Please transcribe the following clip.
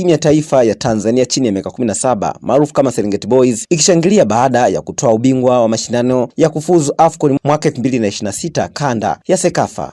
timu ya taifa ya Tanzania chini ya miaka 17 maarufu kama Serengeti Boys ikishangilia baada ya kutoa ubingwa wa mashindano ya kufuzu AFCON mwaka 2026 kanda ya Sekafa.